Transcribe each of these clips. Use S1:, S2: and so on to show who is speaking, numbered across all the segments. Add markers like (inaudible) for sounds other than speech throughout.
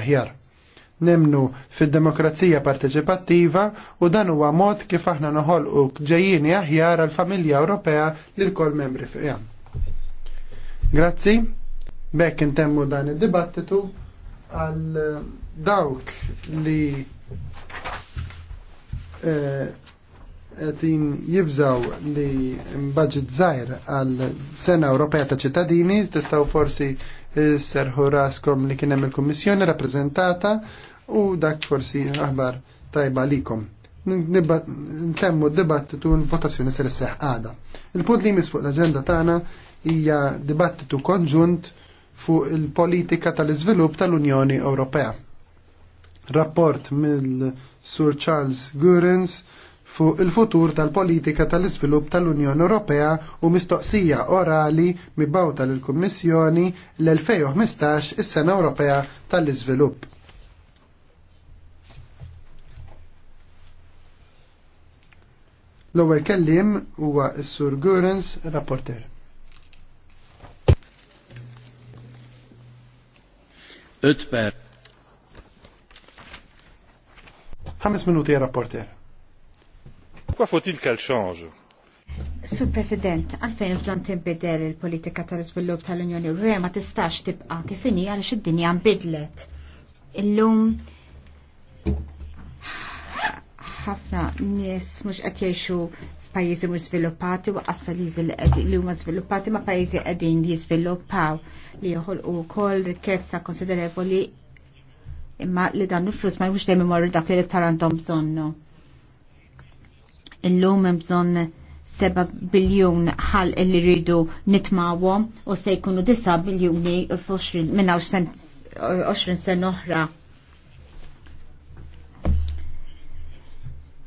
S1: aħjar. Nemnu fid-demokrazija parteċipattiva u dan huwa mod kif aħna noħolqu ġejjini aħjar għal familja Ewropea l kol membri fiha. Grazzi, bekk intemmu dan id-dibattitu għal eh, dawk li eh, qegħdin jibżaw li budget zaħir għal Sena Ewropea ta' ċittadini, testaw forsi eh, serħu raskom li kien hemm il-Kummissjoni rappreżentata u dak forsi aħbar tajba likom. Ntemmu d-dibattitu l-votazzjoni ser isseħ għada. Il-punt li jmiss fuq l-aġenda tagħna hija dibattitu konġunt fuq il-politika tal-iżvilupp tal-Unjoni Ewropea. Rapport mill-Sur Charles Gurens fuq il-futur tal-politika tal-iżvilupp tal-Unjoni Ewropea u mistoqsija orali mibawta lill-Kummissjoni l-2015 is-Sena Ewropea tal-Iżvilupp. L-ewwel kelliem huwa s-Sur Gurens, rapporter. Ötber. Ħames minuti rapporter.
S2: Pourquoi faut-il qu'elle change?
S3: Sur President, għalfejn bżon tinbidel il-politika tal-iżvilupp tal-Unjoni Ewropea ma tistax tibqa' kif inhi għaliex id-dinja nbidlet. Illum ħafna nies mhux qed jgħixu f'pajjiżi mhux żviluppati waqqas pajjiżi li li huma żviluppati ma' pajjiżi qegħdin jiżviluppaw li joħolqu wkoll rikkezza konsiderevoli imma li dan il-flus ma jmux dejjem imorru dak li iktar għandhom bżonnu. Illum hemm bżonn 7 biljun ħal li rridu nitmawhom u se jkunu 9 biljuni minn 20 sen oħra.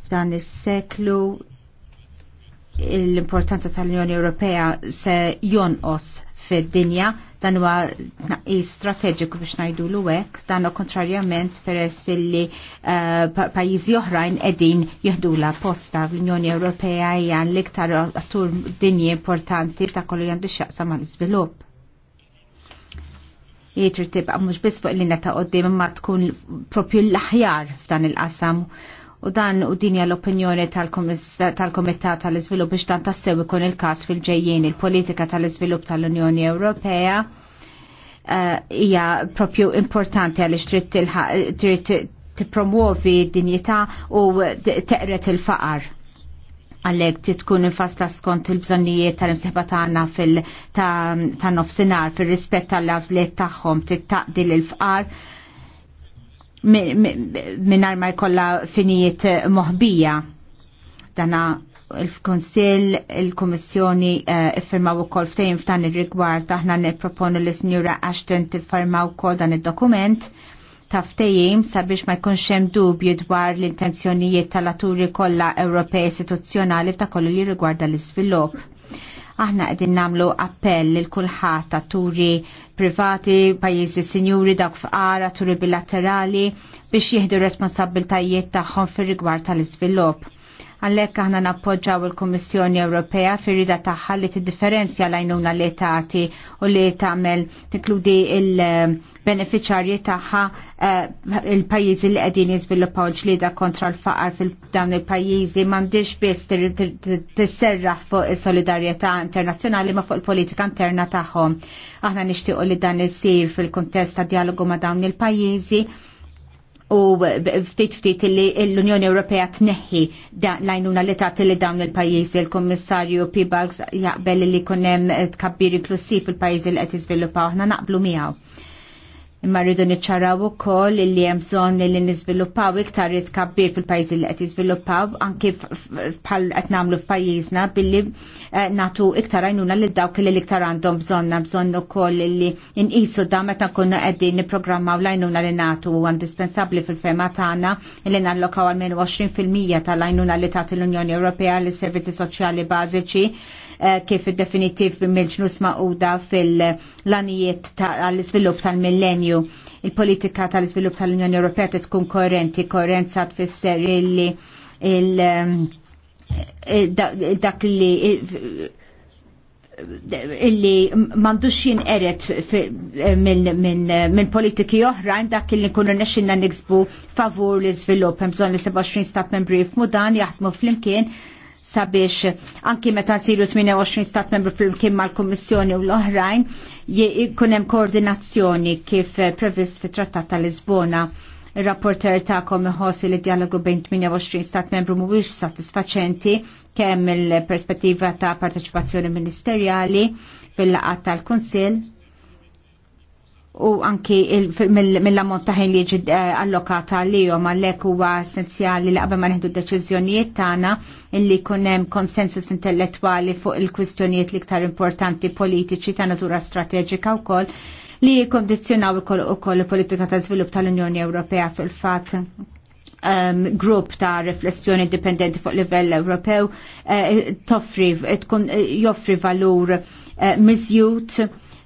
S3: F'dan is-seklu l-importanza tal-Unjoni Ewropea se jonqos fid-dinja Dan huwa tnaqqis strateġiku biex l hekk, dan u kontrarjament peress li eh, pajjiżi oħrajn qegħdin jeħdula posta l-Unjoni Ewropea hija l-iktar attur dinji importanti ta' kollu għandu x'jaqsam mal-iżvilupp jitri tibqa mhux bis fuq l-linja ta' qoddim ma tkun propju l-aħjar f'dan il-qasam u dan u dinja l-opinjoni tal-Komitat tal-Izvilup biex dan tassew ikun il-kas fil-ġejjien il-politika tal-Izvilup tal-Unjoni Ewropea eh, hija propju importanti għal trid tippromuovi dinjità u teqret il-faqar għallek titkun infasla skont il-bżonnijiet tal-imsiħba tagħna fil-nofsinhar fil-rispett tal-għażliet tagħhom il-faqar. fqar mingħajr ma jkollha finijiet moħbija. Dana il-Konsil, il-Kommissjoni eh, iffirmaw ukoll ftejn f'dan ir-rigward aħna nipproponu li Signora Ashton tiffirmaw ukoll dan id-dokument ta' ftehim sabiex ma jkunx hemm dubju dwar l-intenzjonijiet tal-aturi kollha Ewropej istituzzjonali f'ta' kollu li rigwarda l-iżvilupp. Aħna qegħdin nagħmlu appell lil kulħadd turi privati, pajjiżi sinjuri dak f'qara, turi bilaterali biex jieħdu responsabiltajiet tagħhom fir-rigward tal-iżvilupp Għallek aħna nappoġġaw il-Kommissjoni Ewropea firrida tagħha li t l-għajnuna li tagħti u li tagħmel tinkludi il-beneficjarji tagħha eh, il-pajjiżi li qegħdin jiżviluppaw ġlieda kontra l-faqar fil-dawn il-pajjiżi m'għandix biss t-serraħ fuq is-solidarjetà internazzjonali ma fuq il-politika interna tagħhom. Aħna nixtiequ li dan il-sir fil kontesta ta' dialogu ma' dawn il-pajjiżi u ftit ftit li l-Unjoni Ewropea tneħħi lajnuna li tagħti li dawn il-pajjiżi il-Kummissarju Pibalgs jaqbel li jkun hemm tkabbir inklusiv fil-pajjiżi li qed jiżviluppaw aħna naqblu miegħu imma rridu niċċaraw ukoll li hemm bżonn li niżviluppaw iktar kabbir fil-pajjiżi li qed jiżviluppaw anke bħal qed nagħmlu f'pajjiżna billi eh, nagħtu iktar għajnuna lil dawk li l-iktar għandhom bżonna bżonn ukoll li inqisu da meta nkunu qegħdin nipprogrammaw l-għajnuna li nagħtu u indispensabbli fil-fema tagħna illi nallokaw għal minn 20% tal-għajnuna li tagħti l-Unjoni Ewropea lis servizzi soċjali bażiċi Eh, kif definitiv mill-ġnus maquda fil-lanijiet tal-izvilup tal-millenju. Il-politika tal-izvilup tal-Unjoni Ewropea tkun korrenti, korrenza tfisser illi ehm, dak li illi mandux eret minn politiki oħrajn dak li nkunu nexxinna niksbu favur l-iżvilupp hemm bżonn li 27 stat membri f'mudan jaħdmu flimkien sabiex anki meta nsiru 28 stat membru fil imkien mal-Kummissjoni u l-oħrajn jkun hemm koordinazzjoni kif previst fit-Trattat tal-Lisbona. Il-rapporter ta' iħossi li dialogu bejn 28 stat membru mhuwiex satisfaċenti kemm il-perspettiva ta' parteċipazzjoni ministerjali fil-laqat tal kunsil u anki mill-ammont ta' ħin li ġi eh, allokata għalihom għalhekk huwa essenzjali li qabel ma nieħdu deċiżjonijiet tagħna illi jkun hemm konsensus intellettwali fuq il-kwistjonijiet l-iktar importanti politiċi ta' natura strateġika wkoll li jikkondizzjonaw ukoll il-politika ta' żvilupp tal-Unjoni Ewropea fil-fatt um, grupp ta' riflessjoni dipendenti fuq livell Ewropew uh, toffri, tkun, uh, joffri valur uh, mizjut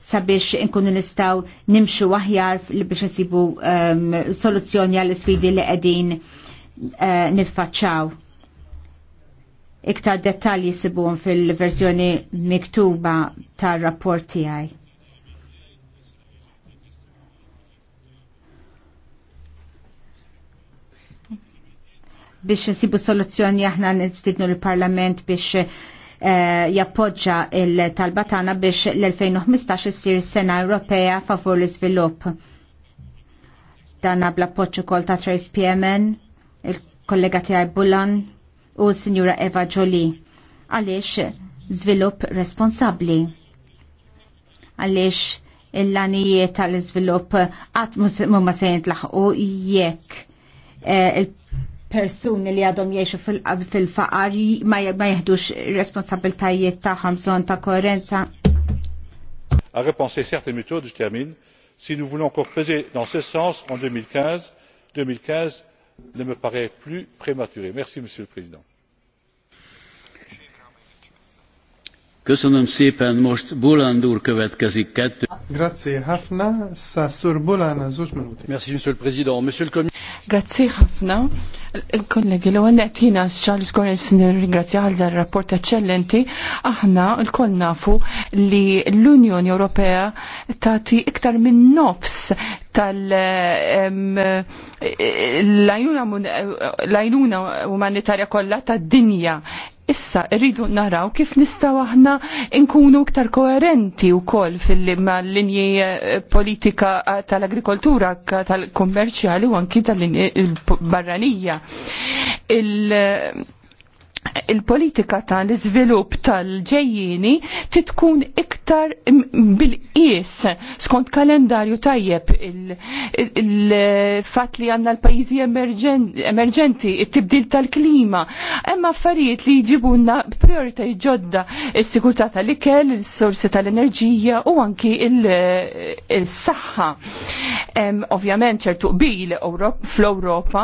S3: sabiex inkunu nistaw nimxu aħjar biex nsibu um, soluzzjoni għall sfidi li qegħdin uh, niffaċċaw. Iktar dettalji sibuhom fil-verżjoni miktuba tar-rapport tiegħi. biex nsibu soluzzjoni aħna nistidnu l-Parlament biex Eh, jappoġġa il-talba tagħna biex l-2015 issir sena Ewropea favur l-iżvilupp. Dan bl-appoġġ ukoll ta' Trace PMN, il-kollega tiegħi Bullan u s-Sinjura Eva Jolie. Għaliex żvilupp responsabbli. Għaliex il-lanijiet tal iżvilupp qatt mumma sejn tlaħqu jekk eh, persuni li għadhom jiexu fil-faqar ma jihdux responsabiltajiet tagħhom bżonn ta' koerenza.
S2: A repenser certes méthodes, je termine, si nous voulons encore peser dans ce sens en 2015, 2015 ne me paraît plus prématuré. merci monsieur le président.
S1: Grazie ħafna, sa Sur Bulan, żewġ minuti. Merci Monsieur le Président.
S2: Monsieur le Commissaire. Grazie ħafna. Kollegi, l-għu għannet s Charles Gorens nir-ringrazzja għal dar rapport eccellenti, aħna l-koll nafu li l-Unjoni Ewropea tati iktar minn nofs tal-lajnuna umanitarja kollha tad-dinja Issa rridu naraw kif nistaw aħna nkunu iktar koerenti wkoll fil-linji eh, politika eh, tal-agrikoltura tal-kummerċjali u anki tal-barranija il-politika tal-izvilup tal-ġejjini titkun iktar bil-qies skont kalendarju tajjeb il-fat li għanna l-pajizi emerġenti, it-tibdil tal-klima, emma affarijiet li jġibunna priorita ġodda il-sigurtà tal-ikel, il-sorsi tal-enerġija u anki il-saħħa. il saħħa il Ovvjament ċertu qbil fl-Ewropa,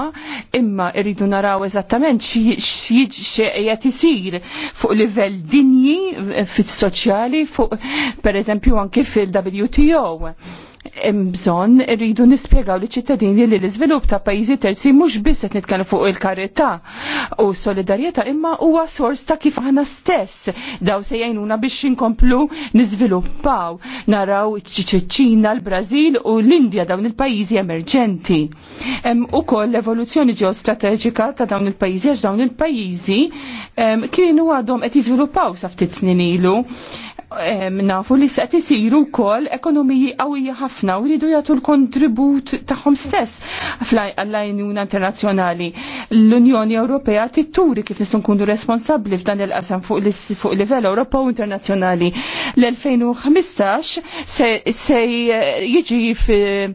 S2: imma irridu naraw eżattament x'qiegħed isir fuq livell dinji eh, fis-soċjali fuq pereżempju anke fil-WTO bżonn rridu nispjegaw li ċittadini li l izvilup ta' pajjiżi terzi mhux biss qed fuq il-karità u solidarjetà imma huwa sors ta' kif aħna stess daw se jajnuna biex inkomplu niżviluppaw naraw ċiċċina ċina l-Brażil u l-Indja dawn il-pajjiżi emerġenti. u koll l-evoluzzjoni ġeostrateġika ta' dawn il-pajjiżi għax dawn il-pajjiżi kienu għadhom qed jiżviluppaw sa ftit snin ilu nafu li se isiru wkoll ekonomiji qawwija ħafna u jridu jagħtu l-kontribut tagħhom stess għall-għajnuna internazzjonali. L-Unjoni Ewropea titturi kif nisun kundu responsabbli f'dan il-qasam fuq livell Ewropa u internazzjonali. L-2015 se e,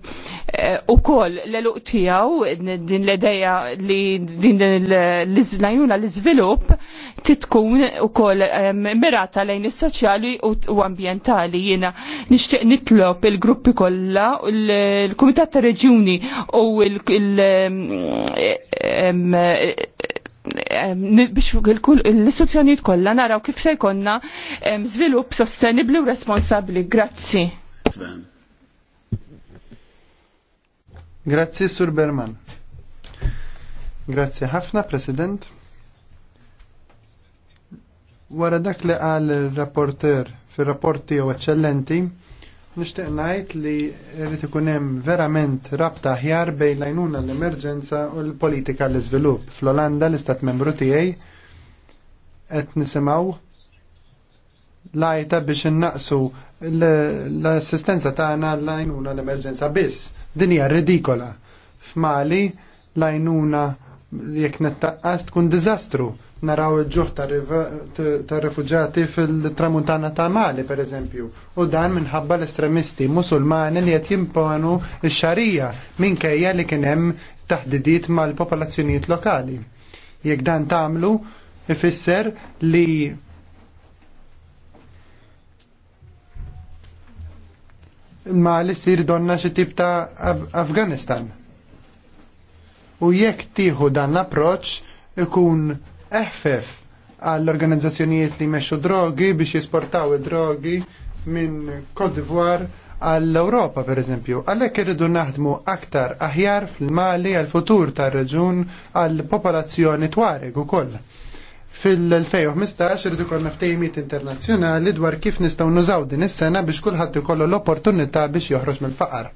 S2: u kol l-eluq tiegħu din l-edeja li din l-għajnuna l-iżvilupp titkun kol mirata lejn is-soċjali u u ambientali jiena nixtieq nitlob il-gruppi kollha il-Kumitat ta' Reġjuni u biex l-istituzzjonijiet kollha naraw kif se jkollna żvilupp sostenibbli u responsabbli. Grazzi.
S1: Grazzi Sur Berman. Grazzi ħafna, President. Wara dak li qal il-rapporter fir-rapport tiegħu eċċellenti, nixtieq ngħid li rrid ikun hemm verament rabta aħjar bejn l-għajnuna l-emerġenza u l-politika l-iżvilupp. Fl-Olanda l-istat membru tiegħi qed nisimgħu lajta biex innaqsu l-assistenza tagħna l-għajnuna l-emerġenza biss. Din hija ridikola. F'Mali l-għajnuna jekk nettaqqas tkun diżastru naraw il-ġuħ ta' rifugġati fil-tramuntana ta' Mali, per eżempju. U dan minħabba l-estremisti musulmani li qed jimponu x-xarija minkejja li kien hemm taħdidiet mal-popolazzjonijiet lokali. Jekk dan tagħmlu, ifisser li Mali sir donna xi tip ta' Afganistan u jekk tieħu dan l-approċ ikun eħfef għall-organizzazzjonijiet li jmexxu drogi biex jisportaw id-drogi minn Cote d'Ivoire għall-Europa per eżempju. Għalhekk irridu naħdmu aktar aħjar fil-Mali għal-futur tar-reġun għall-popolazzjoni twareg ukoll. Fil-2015 irridu kol ftejmiet internazzjonali dwar kif nistgħu nużaw din is-sena biex kulħadd ikollu l-opportunità biex joħroġ mill-faqar.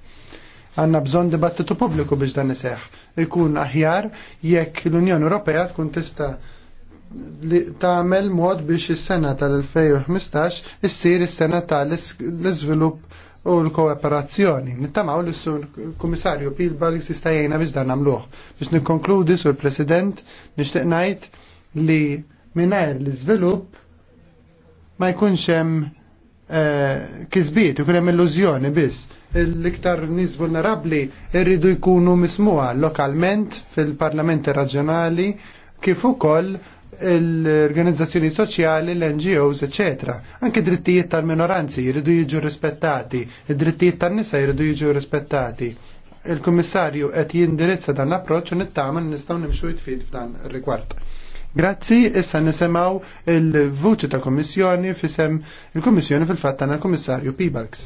S1: Għanna bżonn dibattitu pubbliku biex dan iseħħ ikun aħjar jekk l-Unjoni Ewropea tkun tista' li tagħmel mod biex is-sena tal-2015 issir is-sena tal-iżvilupp u l-kooperazzjoni. Nittamaw li sur kummissarju Pilbalg jista' jgħinna biex dan nagħmluh. Biex nikkonkludi sur President nixtieq ngħid li mingħajr l-iżvilupp ma jkunx hemm Eh, kisbiet, u hemm illużjoni biss. L-iktar nies vulnerabbli irridu jkunu mismuha lokalment fil-parlamenti raġjonali kif ukoll l-organizzazzjoni soċjali, l-NGOs, ecc. Anke drittijiet tal-minoranzi jridu jiġu rispettati, id-drittijiet tan-nisa jridu jiġu rispettati. Il-Kummissarju qed jindirizza dan l-approċċ u nittama nistgħu nimxu jitfid f'dan rigward Grazzi, issa nisemaw il-vuċi ta' kommissjoni fisem il-kommissjoni fil-fat ta' kommissarju Pibax.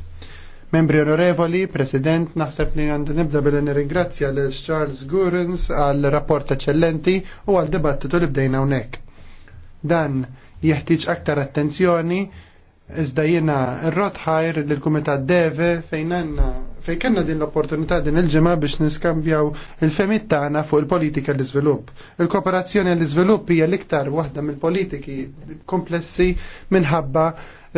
S1: Membri onorevoli, President, naħseb li għandi nibda billi nirringrazzja l Charles Gurens għal rapport eccellenti u għal dibattitu li bdejna unek. Dan jeħtieġ aktar attenzjoni Iżda jiena rrotħajr lill kumitat Deve fejn għandna fejn kellna din l-opportunità din il-ġimgħa biex niskambjaw il-femit tagħna fuq il-politika l iżvilupp Il-kooperazzjoni l iżvilupp hija l-iktar waħda mill-politiki komplessi minħabba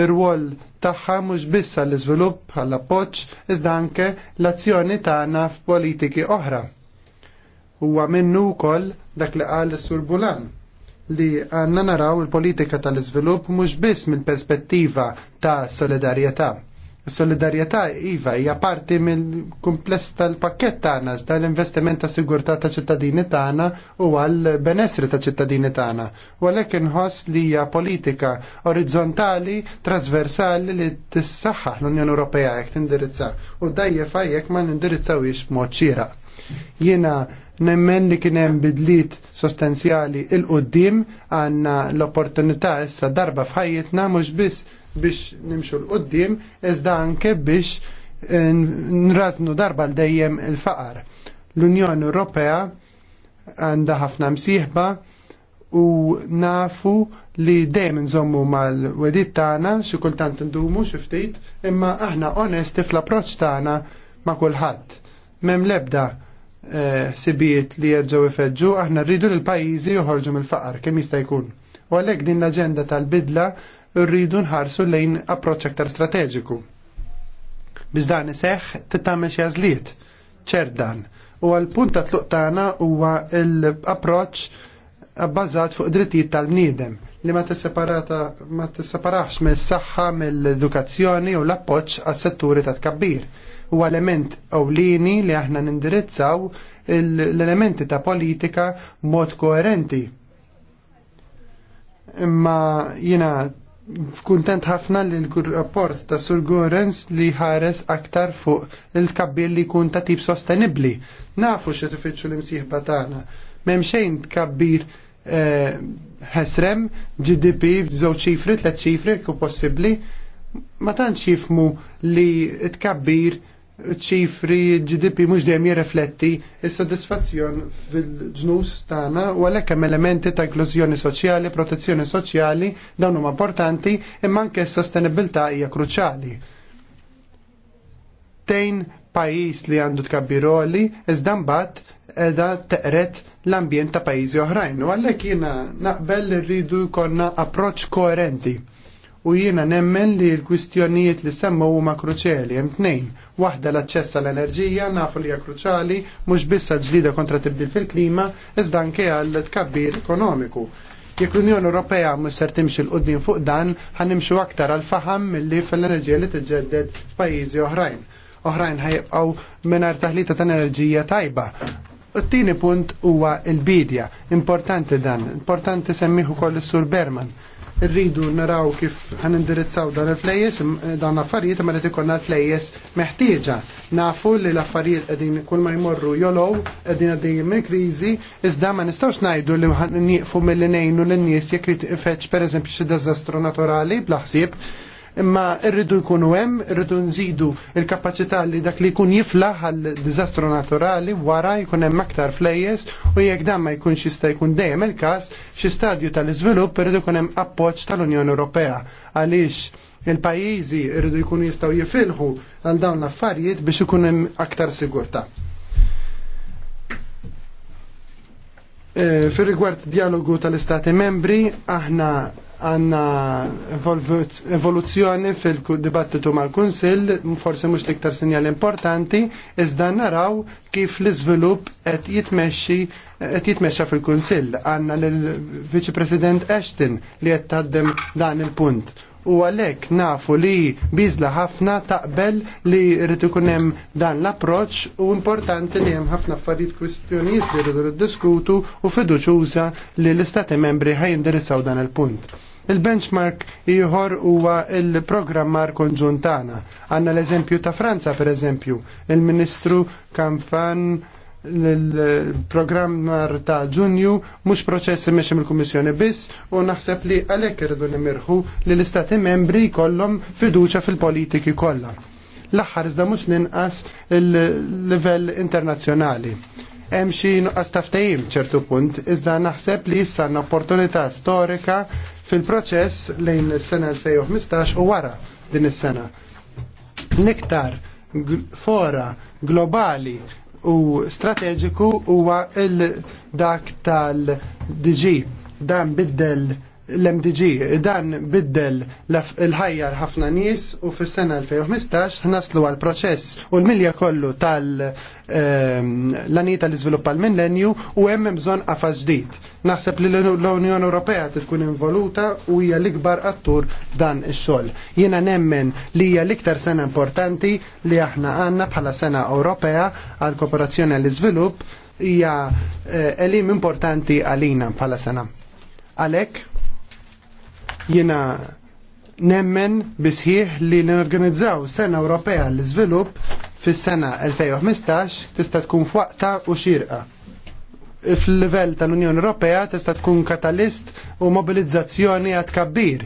S1: r-rwol tagħha mhux biss l iżvilupp għall appoġġ iżda anke l-azzjoni tagħna f'politiki oħra. Huwa minnu wkoll dak li qal is-Sur Bulan li għanna naraw il-politika tal izvilup mhux biss mill-perspettiva ta' solidarjetà. Solidarjetà iva hija parti mill-kumpless tal-pakket tagħna tal investiment ta' sigurtà ta' ċittadini tagħna u għal benessri ta' ċittadini tagħna. U għalhekk inħoss li hija politika orizzontali, trasversali li tissaħħaħ l-Unjoni Ewropea jekk tindirizza u dajjef jekk ma nindirizzawiex b'mod xieraq. Jiena nemmen li kien hemm bidliet sostanzjali il qudiem għandna l-opportunità issa darba f'ħajjitna mhux biss biex nimxu l qudiem iżda anke biex eh, nraznu darba l dejjem il-faqar. L-Unjoni Ewropea għandha ħafna msieħba u nafu li dejjem nżommu mal-wedit tagħna xi kultant ndumu xi ftit, imma aħna onesti fl-approċċ tagħna ma' kulħadd. Mem lebda Eh, sibijiet li jerġgħu ifedġu, aħna rridu l pajjiżi joħorġu mill-faqar kemm jista' jkun. U għalhekk din l-aġenda tal-bidla rridu nħarsu lejn approċċ aktar strateġiku. Biex dan iseħħ titgħamel xi għażliet ċerdan. U għal-punt ta' tluq tagħna huwa l-approċċ bbażat fuq drittijiet tal-bniedem li ma tisseparata ma tisseparax mill-saħħa mill-edukazzjoni u l-appoġġ għas-setturi ta' tkabbir u element ewlieni li aħna nindirizzaw l-elementi ta' politika mod koerenti. Imma jina kuntent ħafna li l-rapport ta' Sur Gurens li ħares aktar fuq il-kabbir li kun ta' tip sostenibli. Nafu xe tifittxu l-imsiħba tagħna. Memxejn tkabbir eh, ħesrem GDP b'żewġ ċifri, tliet ċifri, ku possibbli ma tantx jifmu li tkabbir ċifri GDP mhux dejjem jirrifletti s sodisfazzjon fil-ġnus tagħna u għalhekk hemm elementi ta' inklużjoni soċjali, protezzjoni soċjali dawn huma importanti imma anke s-sostenibilità hija kruċjali. Tejn pajjiż li għandu tkabbiroli iżda mbagħad edha teqret l-ambjent ta' pajjiżi oħrajn. U għalhekk jiena naqbel li rridu jkollna approċċ koerenti u jiena nemmen li l-kwistjonijiet li semmu huma kruċjali hemm tnejn. Waħda l-aċċess għall enerġija nafu li hija kruċjali mhux biss ġlida kontra tibdil fil-klima iżda anke għal tkabbir ekonomiku. Jekk l-Unjoni Ewropea mhux ser timxi l-qudiem fuq dan, ħanimxu aktar għal faħam milli fl-enerġija li tiġġedded f'pajjiżi oħrajn. Oħrajn ħajbqgħu mingħajr taħlita ta' enerġija tajba T-tini punt huwa il-bidja. Importanti dan, importanti semmiħu koll sur Berman rridu naraw kif ħan indirizzaw dan il-flejjes, dan l-affarijiet, ma li ikollna l-flejjes meħtieġa. Nafu li l-affarijiet qegħdin kull ma jmorru jolow qegħdin għaddejjin minn kriżi, iżda ma nistgħux ngħidu li nieqfu mill ngħinu lin-nies jitfetx per eżempju xi deżastru naturali bla ħsieb imma rridu jkunu hemm, rridu nżidu il-kapaċità li dak li jkun jiflaħ għal diżastru naturali wara jkun hemm aktar flejjes u jekk dan ma jkunx jista' jkun dejjem il-każ, xi stadju tal-iżvilupp irridu jkun hemm appoġġ tal-Unjoni Ewropea għaliex il pajjiżi irridu jkunu jistgħu jifilħu għal dawn l-affarijiet biex ikun hemm aktar sigurtà. Eh, fir rigward dialogu tal-Istati membri, aħna għanna evoluzzjoni fil-dibattitu mal-Kunsill, forse mux liktar sinjal importanti, iżda naraw kif l-izvilup qed jitmexxi qed jitmexxa fil-Kunsill. Għandna l-Viċi President Ashton li qed taddem dan il-punt u għalhekk nafu li biżla ħafna taqbel li rrid ikun hemm dan l-approċċ u importanti li hemm ħafna affarijiet kwistjonijiet li rridu diskutu u fiduċuża li l-istati membri ħajindirizzaw dan il-punt. Il-benchmark ieħor huwa il-programmar konġuntana. Għandna l-eżempju ta' Franza, per eżempju, il-Ministru Kamfan l-programmar ta' ġunju mhux proċessi meċem mill-Kummissjoni biss u naħseb li għalhekk irridu nimirħu li l-Istati membri jkollhom fiduċja fil-politiki kollha. L-aħħar iżda mhux ninqas il-livell internazzjonali. Hemm xi nuqqas taftajim ċertu punt, iżda naħseb li issa opportunità storika fil-proċess lejn is-sena 2015 u wara din is-sena. Niktar fora globali u strateġiku huwa il dak tal-DG dan biddel l-MDG. Dan biddel l-ħajja ħafna nies u fis-sena 2015 ħnaslu għal proċess u l-milja kollu tal-lanita ehm, l iżvilupp għal millenju u hemm bżonn qafas ġdid. Naħseb li l-Unjoni Ewropea tkun involuta u hija l-ikbar attur dan ix-xogħol. Jiena nemmen li hija l-iktar sena importanti li aħna għandna bħala sena Ewropea għal kooperazzjoni għall iżvilupp hija eh, elim importanti għalina bħala sena. Għalhekk Jiena nemmen bisħiħ li norganizzaw sena Ewropea l-iżvilupp fis-sena 2015 tista' tkun f'waqta u xirqa. fil level tal-Unjoni Ewropea tista' tkun katalist u mobilizzazzjoni għad kabbir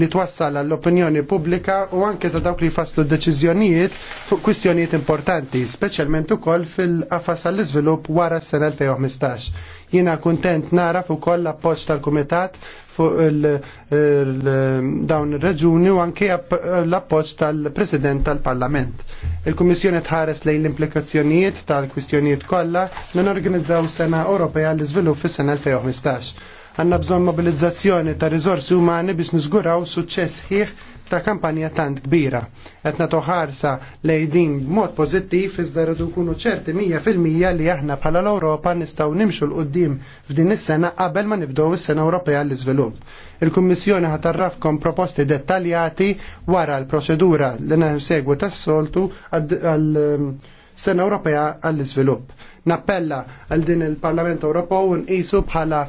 S1: li twassal għall-opinjoni pubblika u anke ta' dawk li faslu deċiżjonijiet fuq kwistjonijiet importanti, speċjalment ukoll fil-qafas għall-iżvilupp wara s-sena 2015. Jiena kuntent nara fu koll appoġġ tal-Kumitat fuq dawn ir-raġuni u anke l-appoġġ tal-President tal-Parlament. Il-Kummissjoni tħares lejn l-implikazzjonijiet tal-kwistjonijiet kollha minn organizzaw sena Ewropea l-iżvilupp fis-sena 2015 għanna bżonn mobilizzazzjoni ta' riżorsi umani biex niżguraw suċċess ħieħ ta' kampanja tant kbira. Etna toħarsa lejdin mod pozittiv, iżda rridu nkunu ċerti mija fil-mija li aħna bħala l-Ewropa nistgħu nimxu l qudiem f'din is-sena qabel ma nibdew is-sena Ewropea l-iżvilupp. Il-Kummissjoni ħat tarrafkom proposti dettaljati wara l-proċedura li segwu tas-soltu għal ehm, sena Ewropea għall-iżvilupp. Nappella għal din il-Parlament Ewropew nqisu bħala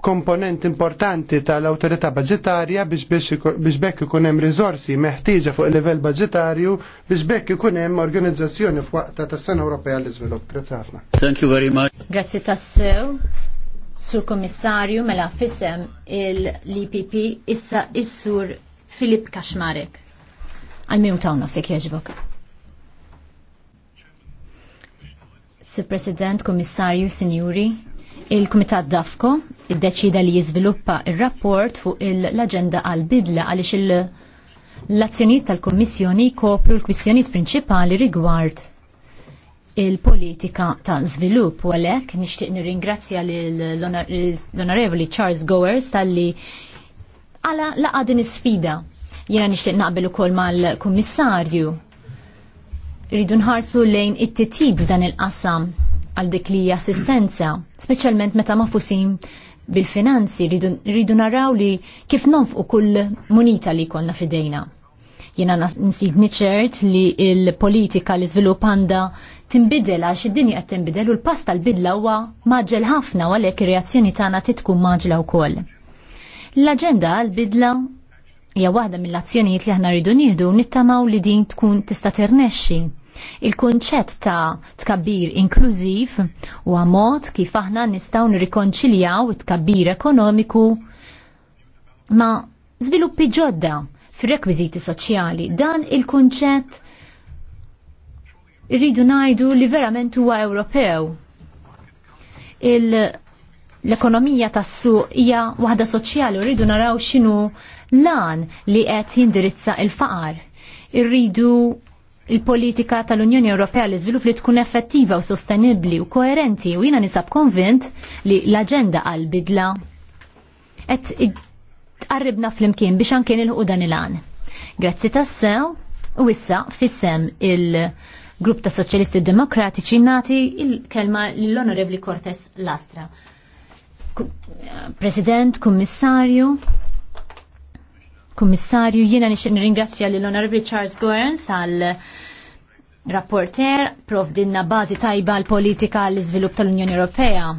S1: komponent importanti tal-autorità budgetarja biex bekk ikun hemm riżorsi meħtieġa fuq il livell budgetarju biex bekk ikun hemm organizzazzjoni f'waqta tas-Sena Ewropea l-Iżvilupp. Grazzi ħafna.
S3: Thank you very much.
S4: Grazzi tassew. Sur Kommissarju mela fisem il-LPP issa is-Sur Filip Kaxmarek. Għal-minu ta' nafsek jieġbok. Sur President, Kommissarju, Sinjuri, Il-Kumitat Dafko iddeċida li jiżviluppa il rapport fuq l-aġenda għal bidla għaliex l-azzjonijiet tal-Kummissjoni kopru l-kwistjonijiet prinċipali rigward il-politika ta' żvilupp u għalhekk nixtieq nirringrazzja l-Onorevoli Charles Gowers tal-li għala laqa din is-sfida. Jiena nixtieq naqbel ukoll mal-Kummissarju. Rridu nħarsu lejn it-titib dan il-qasam għal dik li assistenza, speċjalment meta ma fusim bil-finanzi rridu naraw li kif u kull munita li konna fidejna. Jena nsib niċert li il-politika li żvilupp għandha timbidel għax id-dinja qed tinbidel u l-pass tal-bidla huwa maġġel ħafna u għalhekk ir-reazzjoni tagħna titkun maġla wkoll. L-aġenda għal-bidla hija waħda mill-azzjonijiet li aħna rridu nieħdu nittamaw li din tkun tista' tirnexxi Il-kunċett ta' tkabbir inklużiv u għamot kif aħna nistaw nirrikonċiljaw it-tkabbir ekonomiku ma' sviluppi ġodda fir-rekwiziti soċjali. Dan il-kunċett irridu najdu li verament huwa Ewropew. l-ekonomija tas-suq hija waħda soċjali u rridu naraw x'inhu lan li qed jindirizza il-faqar. Irridu il-politika tal-Unjoni Ewropea li żvilupp li tkun effettiva u sostenibbli u koerenti u jiena nisab konvint li l-aġenda għal bidla qed tqarribna flimkien biex anke nilħu dan il-għan. Grazzi tassew u issa fissem il-Grupp ta' Soċjalisti Demokratiċi nati il-kelma l-Onorevli Cortes Lastra. President, Kummissarju, Kummissarju, jiena nixtieq nirringrazzja lill onorabli Charles Goerns għal rapporter prof dinna bażi tajba għal politika għall iżvilupp tal-Unjoni Ewropea.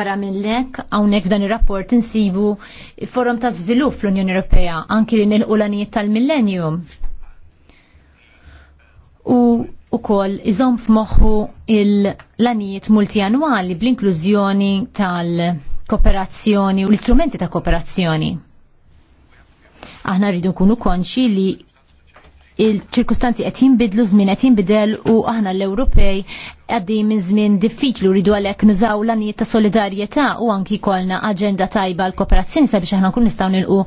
S4: Barra minn lek, hawnhekk f'dan ir-rapport insibu forum ta' zvilup fl-Unjoni Ewropea anki li nil l tal-millennium. U ukoll iżomm f'moħħu il-lanijiet multianwali bl-inklużjoni tal- kooperazzjoni u l-istrumenti ta' kooperazzjoni. Aħna rridu nkunu konxi li il-ċirkustanzi qed jinbidlu żmien qed jinbidel u aħna l-Ewropej għaddej minn żmien diffiċli u rridu għalhekk nużaw l-għanijiet ta' solidarjetà u anki kolna aġenda tajba l-kooperazzjoni sabiex aħna nkunu nistgħu nilqu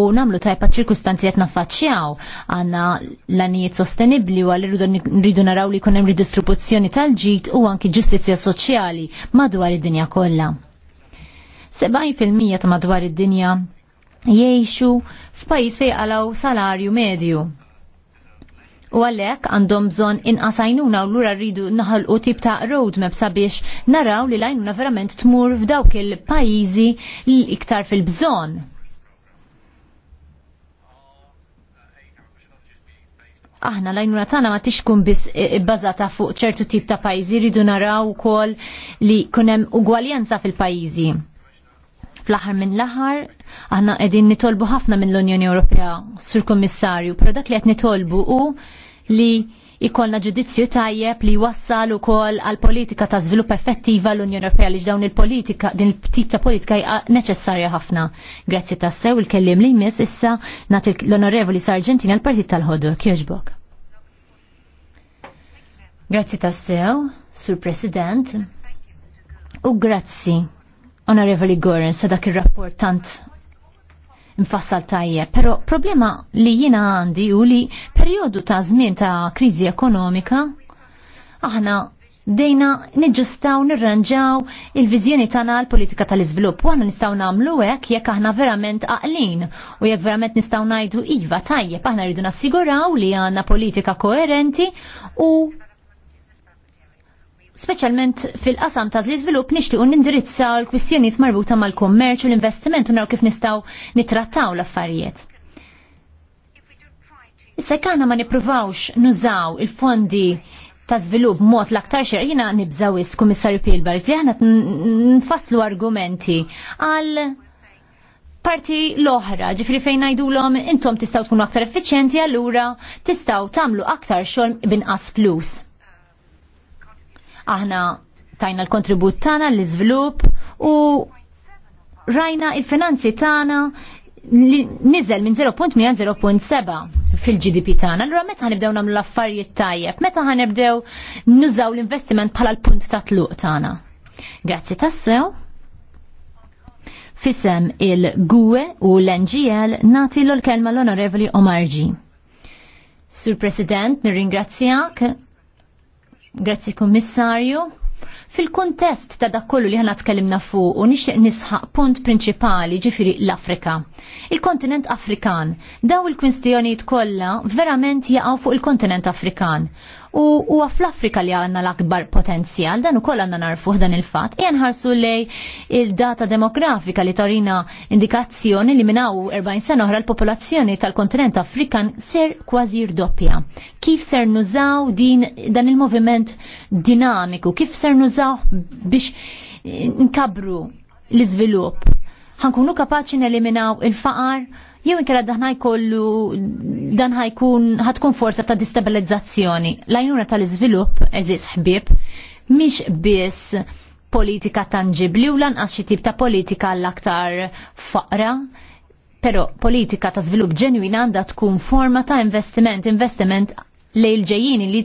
S4: u namlu tajba ċirkustanzi qed naffaċċjaw għandna l-għanijiet sostenibbli u għalli rridu naraw li jkun hemm ridistribuzzjoni tal-ġid u anki ġustizzja soċjali madwar id-dinja kollha. 70% ta' madwar id-dinja jiexu f'pajis fej għalaw salarju medju. U għalek għandhom bżon inqasajnuna u l-ura rridu naħolqu tip ta' roadmap sabiex naraw li lajnuna verament tmur f'dawk il-pajizi li iktar fil-bżon. aħna lajnuna tagħna ma tixkun biss bbażata fuq ċertu tip ta' pajjiżi rridu naraw ukoll li kun hemm ugwaljanza fil-pajjiżi. Fl-aħħar minn l-aħħar aħna qegħdin nitolbu ħafna mill-Unjoni Ewropea sur Kummissarju, però dak li qed nitolbu hu li ikollna ġudizzju tajjeb li wassal ukoll għal politika ta' żvilupp effettiva l-Unjoni Ewropea li dawn il-politika din il-tip ta' politika hija neċessarja ħafna. Grazzi tassew il-kellim li jmiss issa nagħti l-Onorevoli Sargentina l-Partit tal-Ħodur. Kjoġbok. Grazzi tassew, Sur President, u grazzi Onorevoli Goren, sa dak il-rapport tant infassal tajje, pero problema li jina għandi u li periodu ta' żmien ta' kriżi ekonomika aħna dejna niġġustaw nirranġaw il-vizjoni tagħna l-politika tal-iżvilupp u aħna nistgħu nagħmlu hekk jekk aħna verament aqlin u jekk verament nistgħu ngħidu iva tajjeb aħna rridu nassiguraw li għandna politika koerenti u Speċjalment fil-qasam ta' l-iżvilupp nixtiequ nindirizzaw l-kwistjonijiet marbuta mal-kummerċ u l-investiment u naraw kif nistgħu nittrattaw l-affarijiet. Issa kana ma nippruvawx nużaw il-fondi ta' żvilupp mod l-aktar jiena nibżaw nibżawis kummissarju Pilbars li aħna nfasslu argumenti għal parti l-oħra, ġifri fejn ngħidulhom intom tistgħu tkunu aktar effiċjenti allura tistgħu tagħmlu aktar xogħol binqas flus. Aħna tajna l-kontribut tagħna l-iżvilupp u rajna il-finanzi tagħna nizzel minn 07 fil-GDP tagħna. Allura meta għanibdew nagħmlu l-affarijiet tajjeb, meta għanibdew nużaw l-investiment bħala l-punt ta' tluq tagħna. Grazzi tassew. Fisem il-GUE u l-NGL nati l-kelma l-Onorevoli Omarġi. Sur President, nirringrazzjak Grazzi Kummissarju. Fil-kuntest ta' dak kollu li ħana tkellimna fuq u nixtieq nisħaq punt prinċipali ġifiri l-Afrika. Il-kontinent Afrikan. Daw il-kwistjonijiet kollha verament jaqgħu fuq il-kontinent Afrikan u huwa fl-Afrika li għandna l-akbar potenzjal, dan ukoll għandna narfu dan il-fatt. Ejja nħarsu lej il-data demografika li torina indikazzjoni li minnaw 40 sena oħra l-popolazzjoni tal-kontinent Afrikan ser kważi rdoppja. Kif ser nużaw din dan il-moviment dinamiku, kif ser nużaw biex nkabru l-iżvilupp? ħankunu kapaċi neliminaw il-faqar jew inkella dan ħajkollu dan ħajkun ħatkun forza ta' distabilizzazzjoni. L-għajnuna tal-iżvilupp eżis ħbieb mhix biss politika tangibli u lanqas xi tip ta' politika l-aktar faqra pero politika ta' żvilupp ġenwina għandha tkun forma ta' investiment, investiment lejl ġejjin li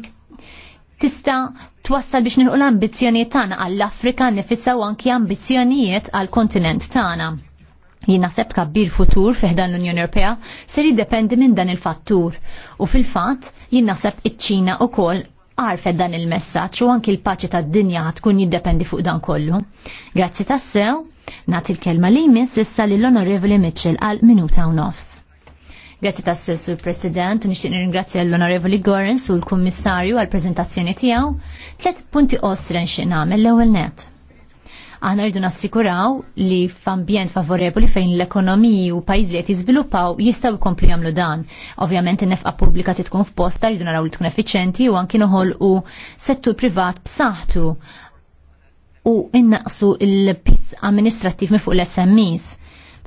S4: tista twassal biex nilqu l-ambizzjonijiet tagħna għall-Afrika nifissa u anki ambizzjonijiet għall-kontinent tagħna jinaħseb kabbir futur fiħdan l-Unjoni Ewropea ser jiddependi minn dan il-fattur. U fil-fat jinaħseb iċ-Ċina u kol għarfet dan il-messaċ u anki l-paċi tad dinja tkun jiddependi fuq dan kollu. Grazzi tassew, nat il-kelma li jmiss issa l onorevoli Mitchell għal minuta u nofs. Grazzi sew, Sur President, u nixtieq nirringrazzja l-Onorevoli Gorens u l-Kummissarju għal prezentazzjoni tiegħu. Tlet punti osren xi l-ewwel net Aħna rridu nassikuraw li f'ambjent favorevoli fejn l-ekonomiji u pajjiż li qed jiżviluppaw jistgħu jkomplu jagħmlu dan. Ovvjament in-nefqa pubblika tkun f'posta rridu naraw li tkun effiċenti u anki u settur privat b'saħħtu u innaqsu il piss amministrattiv minn fuq l-SMEs